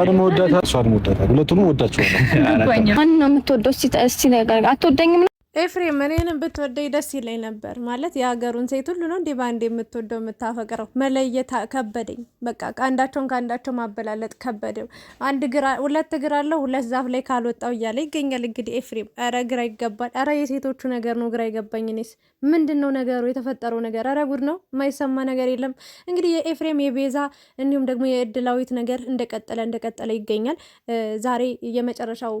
እሷንም ወዳታ እሷንም ወዳታለሁ። ሁለቱንም ወዳቸዋለሁ። ማን ነው የምትወደው? እስኪ አትወደኝም? ኤፍሬም እኔንም ብትወደኝ ደስ ይለኝ ነበር። ማለት የሀገሩን ሴት ሁሉ ነው እንዲህ በአንድ የምትወደው የምታፈቅረው። መለየት ከበደኝ። በቃ አንዳቸውን ከአንዳቸው ማበላለጥ ከበደው። አንድ ግራ ሁለት እግር አለው ሁለት ዛፍ ላይ ካልወጣው እያለ ይገኛል። እንግዲህ ኤፍሬም ኧረ ግራ ይገባል። ኧረ የሴቶቹ ነገር ነው ግራ ይገባኝ። እኔስ ምንድን ነው ነገሩ? የተፈጠረው ነገር ኧረ ጉድ ነው። የማይሰማ ነገር የለም። እንግዲህ የኤፍሬም የቤዛ እንዲሁም ደግሞ የእድላዊት ነገር እንደቀጠለ እንደቀጠለ ይገኛል። ዛሬ የመጨረሻው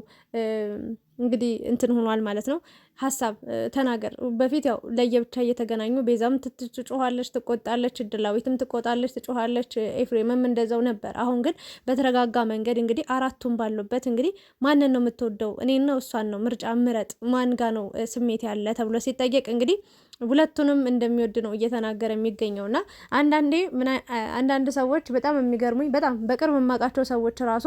እንግዲህ እንትን ሆኗል ማለት ነው። ሀሳብ ተናገር። በፊት ያው ለየብቻ እየተገናኙ ቤዛም ትጮኋለች፣ ትቆጣለች፣ እድላዊትም ትቆጣለች፣ ትጮኋለች፣ ኤፍሬምም እንደዛው ነበር። አሁን ግን በተረጋጋ መንገድ እንግዲህ አራቱም ባሉበት እንግዲህ ማንን ነው የምትወደው እኔና እሷን ነው ምርጫ ምረጥ፣ ማን ጋ ነው ስሜት ያለ ተብሎ ሲጠየቅ እንግዲህ ሁለቱንም እንደሚወድ ነው እየተናገረ የሚገኘው እና አንዳንዴ አንዳንድ ሰዎች በጣም የሚገርሙኝ በጣም በቅርብ የማውቃቸው ሰዎች ራሱ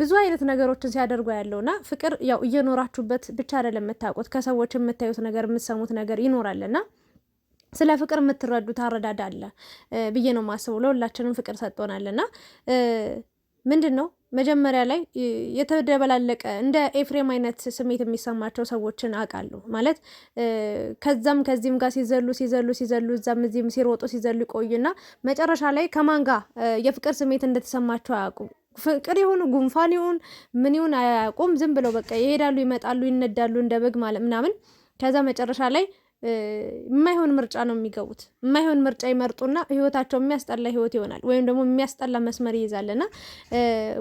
ብዙ አይነት ነገሮችን ሲያደርጉ ያለው እና ፍቅር ያው እየኖራችሁበት ብቻ አይደለም የምታውቁት ከሰዎች የምታዩት ነገር የምትሰሙት ነገር ይኖራል እና ስለ ፍቅር የምትረዱት አረዳድ አለ ብዬ ነው የማስበው። ለሁላችንም ፍቅር ሰጥቶናል እና ምንድን ነው መጀመሪያ ላይ የተደበላለቀ እንደ ኤፍሬም አይነት ስሜት የሚሰማቸው ሰዎችን አውቃለሁ። ማለት ከዛም ከዚህም ጋር ሲዘሉ ሲዘሉ ሲዘሉ እዛም እዚህም ሲሮጡ ሲዘሉ ይቆዩና መጨረሻ ላይ ከማን ጋር የፍቅር ስሜት እንደተሰማቸው አያውቁም። ፍቅር ይሁን ጉንፋን ይሁን ምን ይሁን አያውቁም። ዝም ብለው በቃ ይሄዳሉ፣ ይመጣሉ፣ ይነዳሉ እንደ በግ ማለት ምናምን ከዛ መጨረሻ ላይ የማይሆን ምርጫ ነው የሚገቡት። የማይሆን ምርጫ ይመርጡና ህይወታቸው የሚያስጠላ ህይወት ይሆናል፣ ወይም ደግሞ የሚያስጠላ መስመር ይይዛልና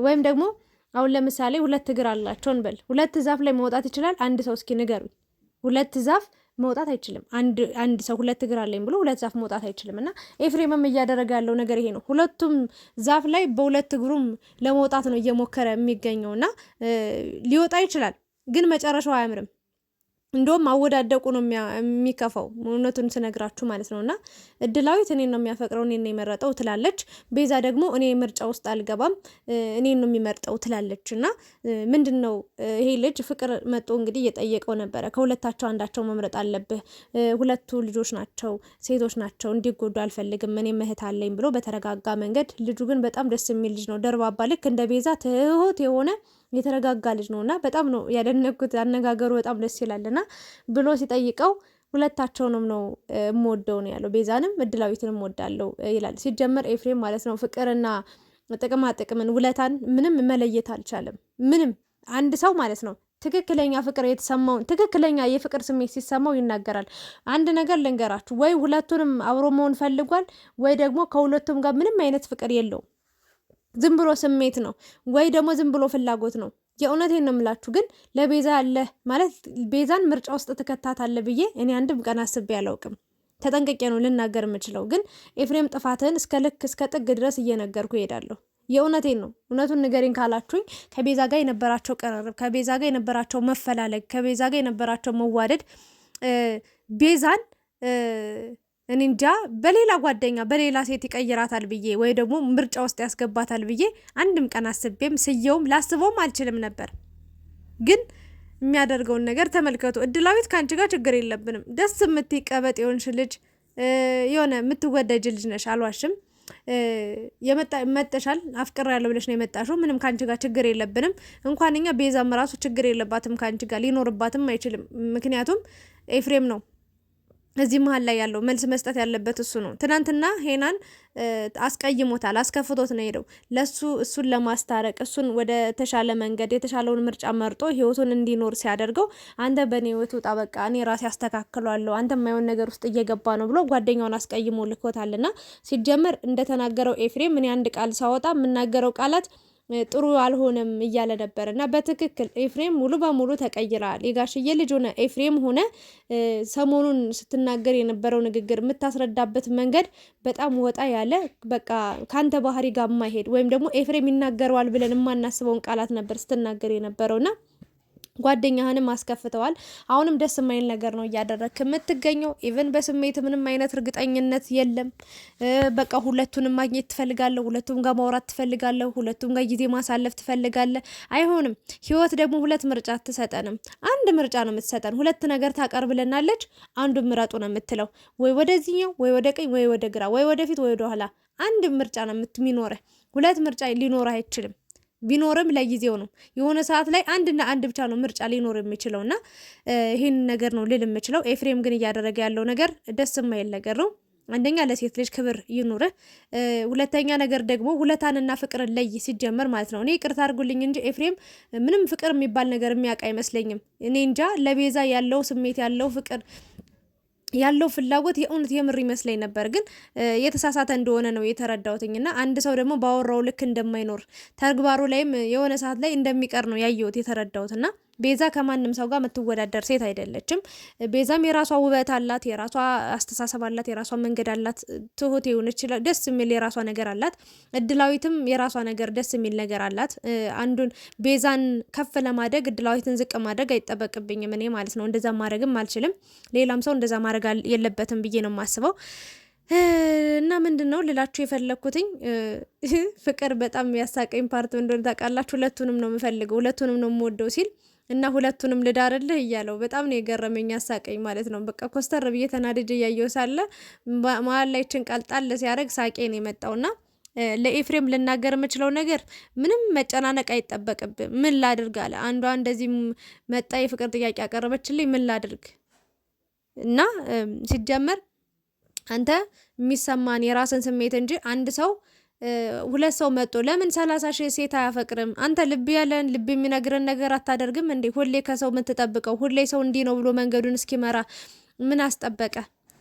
ወይም ደግሞ አሁን ለምሳሌ ሁለት እግር አላቸው እንበል። ሁለት ዛፍ ላይ መውጣት ይችላል አንድ ሰው? እስኪ ንገሩኝ። ሁለት ዛፍ መውጣት አይችልም። አንድ አንድ ሰው ሁለት እግር አለኝ ብሎ ሁለት ዛፍ መውጣት አይችልም። እና ኤፍሬምም እያደረገ ያለው ነገር ይሄ ነው። ሁለቱም ዛፍ ላይ በሁለት እግሩም ለመውጣት ነው እየሞከረ የሚገኘው እና ሊወጣ ይችላል፣ ግን መጨረሻው አያምርም። እንደውም አወዳደቁ ነው የሚከፋው፣ እውነቱን ስነግራችሁ ማለት ነው። እና እድላዊት እኔን ነው የሚያፈቅረው እኔን ነው የመረጠው ትላለች። ቤዛ ደግሞ እኔ ምርጫ ውስጥ አልገባም እኔን ነው የሚመርጠው ትላለች። እና ምንድን ነው ይሄ ልጅ ፍቅር መጦ እንግዲህ እየጠየቀው ነበረ። ከሁለታቸው አንዳቸው መምረጥ አለብህ፣ ሁለቱ ልጆች ናቸው፣ ሴቶች ናቸው፣ እንዲጎዱ አልፈልግም፣ እኔ እህት አለኝ ብሎ በተረጋጋ መንገድ። ልጁ ግን በጣም ደስ የሚል ልጅ ነው፣ ደርባባ፣ ልክ እንደ ቤዛ ትሁት የሆነ የተረጋጋ ልጅ ነው እና በጣም ነው ያደነኩት። አነጋገሩ በጣም ደስ ይላል እና ብሎ ሲጠይቀው ሁለታቸውንም ነው የምወደው ነው ያለው። ቤዛንም እድላዊትን እወዳለሁ ይላል። ሲጀመር ኤፍሬም ማለት ነው ፍቅርና ጥቅማ ጥቅምን ውለታን ምንም መለየት አልቻለም። ምንም አንድ ሰው ማለት ነው ትክክለኛ ፍቅር የተሰማውን ትክክለኛ የፍቅር ስሜት ሲሰማው ይናገራል። አንድ ነገር ልንገራችሁ፣ ወይ ሁለቱንም አብሮ መሆን ፈልጓል፣ ወይ ደግሞ ከሁለቱም ጋር ምንም አይነት ፍቅር የለውም። ዝም ብሎ ስሜት ነው ወይ ደግሞ ዝም ብሎ ፍላጎት ነው። የእውነቴን ነው የምላችሁ። ግን ለቤዛ ያለ ማለት ቤዛን ምርጫ ውስጥ ትከታታለህ ብዬ እኔ አንድም ቀን አስቤ አላውቅም። ተጠንቀቄ ነው ልናገር የምችለው። ግን ኤፍሬም ጥፋትህን እስከ ልክ እስከ ጥግ ድረስ እየነገርኩ ይሄዳለሁ። የእውነቴን ነው። እውነቱን ንገሪን ካላችሁኝ ከቤዛ ጋር የነበራቸው ቀረርብ፣ ከቤዛ ጋር የነበራቸው መፈላለግ፣ ከቤዛ ጋር የነበራቸው መዋደድ ቤዛን እኔ እንጃ በሌላ ጓደኛ በሌላ ሴት ይቀይራታል ብዬ ወይ ደግሞ ምርጫ ውስጥ ያስገባታል ብዬ አንድም ቀን አስቤም ስየውም ላስበውም አልችልም ነበር። ግን የሚያደርገውን ነገር ተመልከቱ። እድላዊት ከአንቺ ጋር ችግር የለብንም። ደስ የምትቀበጥ የሆንሽ ልጅ የሆነ የምትወደጅ ልጅ ነሽ፣ አልዋሽም። መጠሻል አፍቅር ያለው ብለሽ ነው የመጣሽው። ምንም ከአንቺ ጋር ችግር የለብንም። እንኳን እኛ ቤዛም ራሱ ችግር የለባትም ከአንቺ ጋር ሊኖርባትም አይችልም። ምክንያቱም ኤፍሬም ነው እዚህ መሀል ላይ ያለው መልስ መስጠት ያለበት እሱ ነው። ትናንትና ሄናን አስቀይሞታል፣ አስከፍቶት ነው ሄደው ለሱ እሱን ለማስታረቅ እሱን ወደ ተሻለ መንገድ የተሻለውን ምርጫ መርጦ ህይወቱን እንዲኖር ሲያደርገው አንተ በእኔ ህይወት ውጣ፣ በቃ እኔ ራሴ አስተካክሏለሁ፣ አንተ የማይሆን ነገር ውስጥ እየገባ ነው ብሎ ጓደኛውን አስቀይሞ ልኮታልና ሲጀመር እንደተናገረው ኤፍሬም እኔ አንድ ቃል ሳወጣ የምናገረው ቃላት ጥሩ አልሆነም እያለ ነበር እና በትክክል ኤፍሬም ሙሉ በሙሉ ተቀይረሃል። የጋሽዬ ልጅ ሆነ ኤፍሬም ሆነ ሰሞኑን ስትናገር የነበረው ንግግር፣ የምታስረዳበት መንገድ በጣም ወጣ ያለ በቃ ከአንተ ባህሪ ጋር የማይሄድ ወይም ደግሞ ኤፍሬም ይናገረዋል ብለን የማናስበውን ቃላት ነበር ስትናገር የነበረውና ጓደኛህንም አስከፍተዋል። አሁንም ደስ የማይል ነገር ነው እያደረግክ የምትገኘው። ኢቨን በስሜት ምንም አይነት እርግጠኝነት የለም። በቃ ሁለቱንም ማግኘት ትፈልጋለህ፣ ሁለቱም ጋር ማውራት ትፈልጋለህ፣ ሁለቱም ጋር ጊዜ ማሳለፍ ትፈልጋለህ። አይሆንም። ህይወት ደግሞ ሁለት ምርጫ አትሰጠንም። አንድ ምርጫ ነው የምትሰጠን። ሁለት ነገር ታቀርብልናለች። አንዱ ምረጡ ነው የምትለው። ወይ ወደዚህኛው፣ ወይ ወደ ቀኝ፣ ወይ ወደ ግራ፣ ወይ ወደፊት፣ ወይ ወደኋላ። አንድ ምርጫ ነው የሚኖርህ። ሁለት ምርጫ ሊኖርህ አይችልም። ቢኖርም ለጊዜው ነው። የሆነ ሰዓት ላይ አንድና አንድ ብቻ ነው ምርጫ ሊኖር የሚችለው እና ይህን ነገር ነው ልል የምችለው። ኤፍሬም ግን እያደረገ ያለው ነገር ደስ የማይል ነገር ነው። አንደኛ ለሴት ልጅ ክብር ይኑርህ። ሁለተኛ ነገር ደግሞ ውለታንና ፍቅርን ለይ ሲጀመር ማለት ነው። እኔ ይቅርታ አድርጉልኝ እንጂ ኤፍሬም ምንም ፍቅር የሚባል ነገር የሚያውቅ አይመስለኝም። እኔ እንጃ ለቤዛ ያለው ስሜት ያለው ፍቅር ያለው ፍላጎት የእውነት የምር ይመስለኝ ነበር፣ ግን የተሳሳተ እንደሆነ ነው የተረዳሁትኝ እና አንድ ሰው ደግሞ ባወራው ልክ እንደማይኖር ተግባሩ ላይም የሆነ ሰዓት ላይ እንደሚቀር ነው ያየሁት የተረዳሁት እና ቤዛ ከማንም ሰው ጋር የምትወዳደር ሴት አይደለችም። ቤዛም የራሷ ውበት አላት፣ የራሷ አስተሳሰብ አላት፣ የራሷ መንገድ አላት። ትሁት የሆነች ይችላል ደስ የሚል የራሷ ነገር አላት። እድላዊትም የራሷ ነገር ደስ የሚል ነገር አላት። አንዱን ቤዛን ከፍ ለማደግ እድላዊትን ዝቅ ማድረግ አይጠበቅብኝም እኔ ማለት ነው። እንደዛ ማድረግም አልችልም። ሌላም ሰው እንደዛ ማድረግ የለበትም ብዬ ነው የማስበው። እና ምንድን ነው ልላችሁ የፈለግኩትኝ ፍቅር በጣም ያሳቀኝ ፓርት እንደሆነ ታውቃላችሁ። ሁለቱንም ነው የምፈልገው፣ ሁለቱንም ነው የምወደው ሲል እና ሁለቱንም ልዳርልህ እያለው በጣም ነው የገረመኝ፣ አሳቀኝ ማለት ነው። በቃ ኮስተር ብዬ ተናድጄ እያየው ሳለ መሀል ላይ ችን ቃልጣል ሲያደርግ ሳቄ ነው የመጣውና ለኤፍሬም ልናገር የምችለው ነገር ምንም መጨናነቅ አይጠበቅብም። ምን ላድርግ አለ። አንዷ እንደዚህ መጣ የፍቅር ጥያቄ ያቀረበችልኝ ምን ላድርግ እና ሲጀመር አንተ የሚሰማን የራስን ስሜት እንጂ አንድ ሰው ሁለት ሰው መጦ ለምን ሰላሳ ሺህ ሴት አያፈቅርም? አንተ ልብ ያለን ልብ የሚነግረን ነገር አታደርግም እንዴ? ሁሌ ከሰው የምትጠብቀው ሁሌ ሰው እንዲህ ነው ብሎ መንገዱን እስኪመራ ምን አስጠበቀ?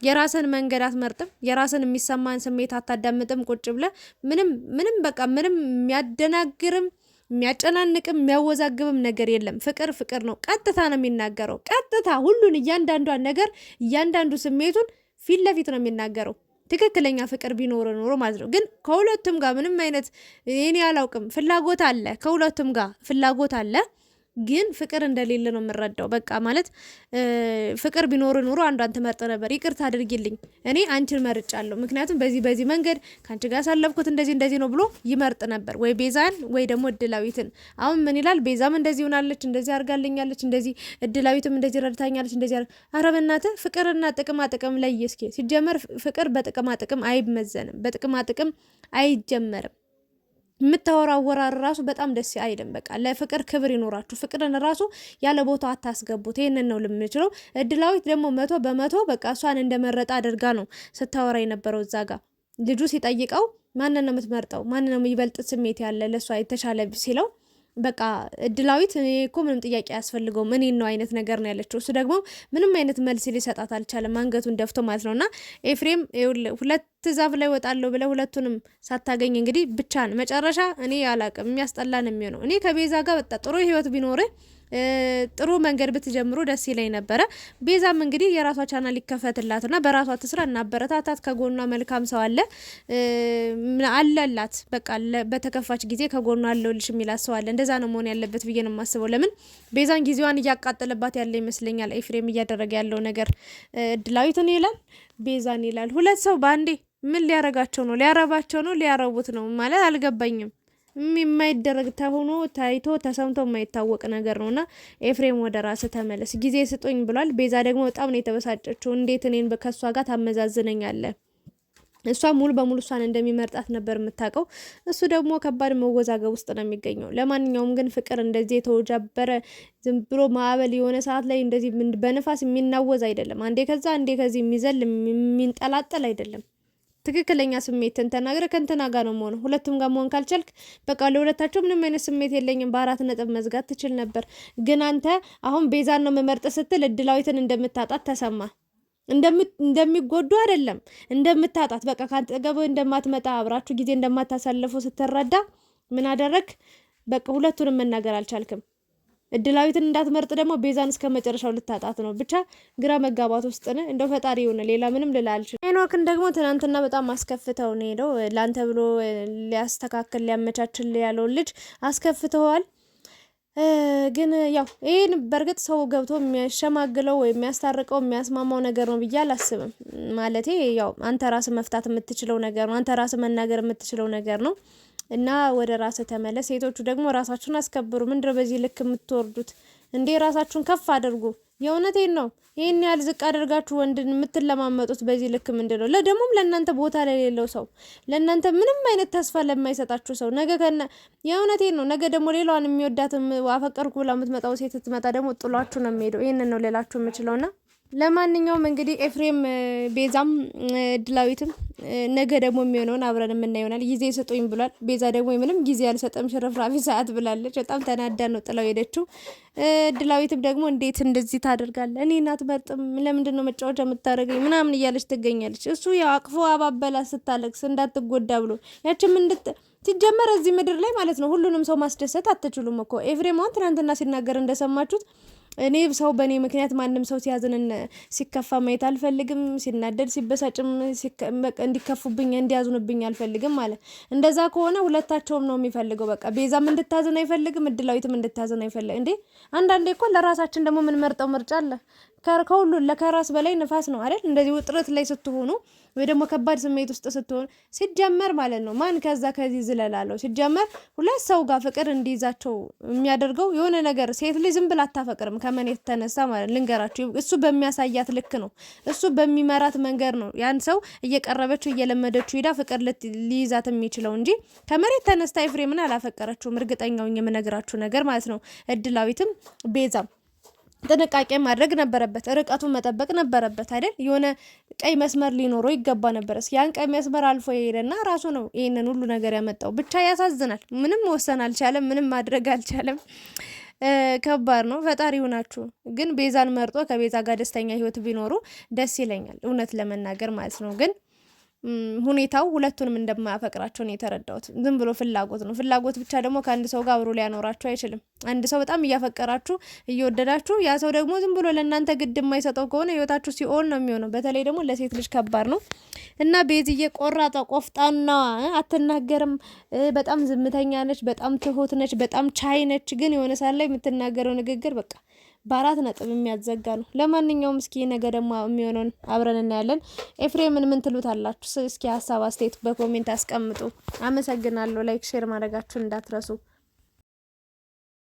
የራስን መንገድ አትመርጥም? የራስን የሚሰማን ስሜት አታዳምጥም? ቁጭ ብለ ምንም ምንም በቃ ምንም የሚያደናግርም የሚያጨናንቅም የሚያወዛግብም ነገር የለም። ፍቅር ፍቅር ነው። ቀጥታ ነው የሚናገረው። ቀጥታ ሁሉን እያንዳንዷን ነገር እያንዳንዱ ስሜቱን ፊት ለፊት ነው የሚናገረው። ትክክለኛ ፍቅር ቢኖር ኖሮ ማለት ነው። ግን ከሁለቱም ጋር ምንም አይነት እኔ አላውቅም ፍላጎት አለ፣ ከሁለቱም ጋር ፍላጎት አለ ግን ፍቅር እንደሌለ ነው የምረዳው። በቃ ማለት ፍቅር ቢኖር ኑሮ አንዷን ትመርጥ ነበር። ይቅርታ አድርጊልኝ፣ እኔ አንቺን መርጫለሁ፣ ምክንያቱም በዚህ በዚህ መንገድ ከአንቺ ጋር ያሳለፍኩት እንደዚህ እንደዚህ ነው ብሎ ይመርጥ ነበር፣ ወይ ቤዛን ወይ ደግሞ እድላዊትን። አሁን ምን ይላል? ቤዛም እንደዚህ ሆናለች፣ እንደዚህ አርጋልኛለች፣ እንደዚህ እድላዊትም እንደዚህ ረድታኛለች፣ እንደዚህ ኧረ በእናትህ ፍቅርና ጥቅማ ጥቅም ላይ እስኪ ሲጀመር ፍቅር በጥቅማ ጥቅም አይመዘንም፣ በጥቅማ ጥቅም አይጀመርም። የምታወራወራር ራሱ በጣም ደስ አይልም። በቃ ለፍቅር ክብር ይኖራችሁ። ፍቅርን ራሱ ያለ ቦታ አታስገቡት። ይህንን ነው ልምችለው። እድላዊት ደግሞ መቶ በመቶ በቃ እሷን እንደመረጠ አድርጋ ነው ስታወራ የነበረው። እዛ ጋ ልጁ ሲጠይቀው ማንን ነው የምትመርጠው? ማንን ነው የሚበልጥ ስሜት ያለ ለእሷ የተሻለ ሲለው በቃ እድላዊት እኔ እኮ ምንም ጥያቄ አያስፈልገውም እኔን ነው አይነት ነገር ነው ያለችው። እሱ ደግሞ ምንም አይነት መልስ ሊሰጣት አልቻለም፣ አንገቱን ደፍቶ ማለት ነው። እና ኤፍሬም ሁለት ዛፍ ላይ ወጣለሁ ብለ ሁለቱንም ሳታገኝ እንግዲህ ብቻን መጨረሻ እኔ አላቅም፣ የሚያስጠላን የሚሆነው። እኔ ከቤዛ ጋር በጣ ጥሩ ህይወት ቢኖርህ ጥሩ መንገድ ብትጀምሩ ደስ ይለኝ ነበረ። ቤዛም እንግዲህ የራሷ ቻናል ና በራሷ ትስራ እናበረታታት። ከጎኗ መልካም ሰው አለ አለላት። በቃ በተከፋች ጊዜ ከጎኗ አለውልሽ የሚላት ሰው አለ። እንደዛ ነው መሆን ያለበት ብዬ ነው የማስበው። ለምን ቤዛን ጊዜዋን እያቃጠለባት ያለ ይመስለኛል። ኤፍሬም እያደረገ ያለው ነገር እድላዊትን ይላል፣ ቤዛን ይላል። ሁለት ሰው በአንዴ ምን ሊያረጋቸው ነው? ሊያረባቸው ነው? ሊያረቡት ነው ማለት አልገባኝም። የማይደረግ ተሆኖ ታይቶ ተሰምቶ የማይታወቅ ነገር ነውና ኤፍሬም ወደ ራስ ተመለስ፣ ጊዜ ስጡኝ ብሏል። ቤዛ ደግሞ በጣም ነው የተበሳጨችው። እንዴት እኔን ከእሷ ጋር ታመዛዝነኛለህ? እሷ ሙሉ በሙሉ እሷን እንደሚመርጣት ነበር የምታውቀው። እሱ ደግሞ ከባድ መወዛገብ ውስጥ ነው የሚገኘው። ለማንኛውም ግን ፍቅር እንደዚህ የተወጃበረ ዝም ብሎ ማዕበል የሆነ ሰዓት ላይ እንደዚህ በንፋስ የሚናወዝ አይደለም። አንዴ ከዛ አንዴ ከዚህ የሚዘል የሚንጠላጠል አይደለም። ትክክለኛ ስሜትን ተናግረ ከእንትና ጋር ነው መሆን። ሁለቱም ጋር መሆን ካልቻልክ በቃ ለሁለታቸው ምንም አይነት ስሜት የለኝም በአራት ነጥብ መዝጋት ትችል ነበር። ግን አንተ አሁን ቤዛን ነው መመርጥ ስትል እድላዊትን እንደምታጣት ተሰማ። እንደሚጎዱ አይደለም እንደምታጣት፣ በቃ ከአጠገብ እንደማትመጣ አብራችሁ ጊዜ እንደማታሳልፉ ስትረዳ ምን አደረግ? በቃ ሁለቱንም መናገር አልቻልክም። እድላዊትን እንዳትመርጥ ደግሞ ቤዛን እስከ መጨረሻው ልታጣት ነው። ብቻ ግራ መጋባት ውስጥ ነ እንደው ፈጣሪ የሆነ ሌላ ምንም ልላ አልችልም። ሄኖክን ደግሞ ትናንትና በጣም አስከፍተው ነው ሄደው ለአንተ ብሎ ሊያስተካክል ሊያመቻችል ያለውን ልጅ አስከፍተዋል። ግን ያው ይህን በእርግጥ ሰው ገብቶ የሚያሸማግለው ወይ የሚያስታርቀው የሚያስማማው ነገር ነው ብዬ አላስብም። ማለቴ ያው አንተ ራስ መፍታት የምትችለው ነገር ነው። አንተ ራስ መናገር የምትችለው ነገር ነው። እና ወደ ራስ ተመለስ። ሴቶቹ ደግሞ ራሳችሁን አስከብሩ። ምንድነው በዚህ ልክ የምትወርዱት እንዴ? ራሳችሁን ከፍ አድርጉ። የእውነቴን ነው። ይህን ያህል ዝቅ አድርጋችሁ ወንድን የምትለማመጡት በዚህ ልክ ምንድን ነው? ደግሞም ለእናንተ ቦታ ለሌለው ሰው፣ ለእናንተ ምንም አይነት ተስፋ ለማይሰጣችሁ ሰው ነገ ከነ የእውነቴን ነው። ነገ ደግሞ ሌላዋን የሚወዳትም አፈቀርኩ ብላ የምትመጣው ሴት ትመጣ ደግሞ ጥሏችሁ ነው የሚሄደው። ይህንን ነው ሌላችሁ የምችለውና ለማንኛውም እንግዲህ ኤፍሬም ቤዛም ድላዊትም ነገ ደግሞ የሚሆነውን አብረን የምና ይሆናል። ጊዜ ስጡኝ ብሏል። ቤዛ ደግሞ ምንም ጊዜ አልሰጠም ሽርፍራፊ ሰዓት ብላለች። በጣም ተናዳ ነው ጥለው ሄደችው። ድላዊትም ደግሞ እንዴት እንደዚህ ታደርጋለ? እኔ እናት መርጥም ለምንድን ነው መጫወቻ የምታደርገኝ? ምናምን እያለች ትገኛለች። እሱ ያው አቅፎ አባበላ ስታለቅስ እንዳትጎዳ ብሎ ያችም እንድት ሲጀመር እዚህ ምድር ላይ ማለት ነው ሁሉንም ሰው ማስደሰት አትችሉም እኮ ኤፍሬም አሁን ትናንትና ሲናገር እንደሰማችሁት እኔ ሰው በእኔ ምክንያት ማንም ሰው ሲያዝን ሲከፋ ማየት አልፈልግም። ሲናደድ ሲበሳጭም እንዲከፉብኝ እንዲያዝኑብኝ አልፈልግም አለ። እንደዛ ከሆነ ሁለታቸውም ነው የሚፈልገው። በቃ ቤዛም እንድታዝን አይፈልግም፣ እድላዊትም እንድታዝን አይፈልግም። እንዴ አንዳንዴ እኮ ለራሳችን ደግሞ የምንመርጠው ምርጫ አለ። ከሁሉ ከራስ በላይ ንፋስ ነው አይደል? እንደዚህ ውጥረት ላይ ስትሆኑ ወይ ደግሞ ከባድ ስሜት ውስጥ ስትሆኑ ሲጀመር ማለት ነው ማን ከዛ ከዚህ ዝለላለው? ሲጀመር ሁለት ሰው ጋር ፍቅር እንዲይዛቸው የሚያደርገው የሆነ ነገር ሴት ልጅ ዝም ብላ አታፈቅርም። ከመን የተነሳ ማለት ልንገራቸው፣ እሱ በሚያሳያት ልክ ነው፣ እሱ በሚመራት መንገድ ነው ያን ሰው እየቀረበችው እየለመደችው ሄዳ ፍቅር ሊይዛት የሚችለው እንጂ ከመሬት ተነስታ ኤፍሬምን አላፈቀረችውም። እርግጠኛው የምነግራችሁ ነገር ማለት ነው እድላዊትም ቤዛም ጥንቃቄ ማድረግ ነበረበት። ርቀቱን መጠበቅ ነበረበት አይደል? የሆነ ቀይ መስመር ሊኖረው ይገባ ነበር። እስኪ ያን ቀይ መስመር አልፎ የሄደና ራሱ ነው ይህንን ሁሉ ነገር ያመጣው። ብቻ ያሳዝናል። ምንም መወሰን አልቻለም። ምንም ማድረግ አልቻለም። ከባድ ነው። ፈጣሪ ይሁናችሁ። ግን ቤዛን መርጦ ከቤዛ ጋር ደስተኛ ህይወት ቢኖሩ ደስ ይለኛል፣ እውነት ለመናገር ማለት ነው ግን ሁኔታው ሁለቱንም እንደማያፈቅራቸው ነው የተረዳሁት። ዝም ብሎ ፍላጎት ነው። ፍላጎት ብቻ ደግሞ ከአንድ ሰው ጋር አብሮ ሊያኖራቸው አይችልም። አንድ ሰው በጣም እያፈቀራችሁ እየወደዳችሁ፣ ያ ሰው ደግሞ ዝም ብሎ ለእናንተ ግድ የማይሰጠው ከሆነ ህይወታችሁ ሲኦል ነው የሚሆነው። በተለይ ደግሞ ለሴት ልጅ ከባድ ነው እና ቤዝዬ ቆራጠ ቆፍጣና፣ አትናገርም፣ በጣም ዝምተኛ ነች፣ በጣም ትሁት ነች፣ በጣም ቻይ ነች። ግን የሆነ ሳል ላይ የምትናገረው ንግግር በቃ በአራት ነጥብ የሚያዘጋ ነው። ለማንኛውም እስኪ ነገ ደግሞ የሚሆነውን አብረን እናያለን። ኤፍሬምን ምን ትሉት አላችሁ? እስኪ ሀሳብ አስተያየት በኮሜንት አስቀምጡ። አመሰግናለሁ። ላይክ ሼር ማድረጋችሁን እንዳትረሱ።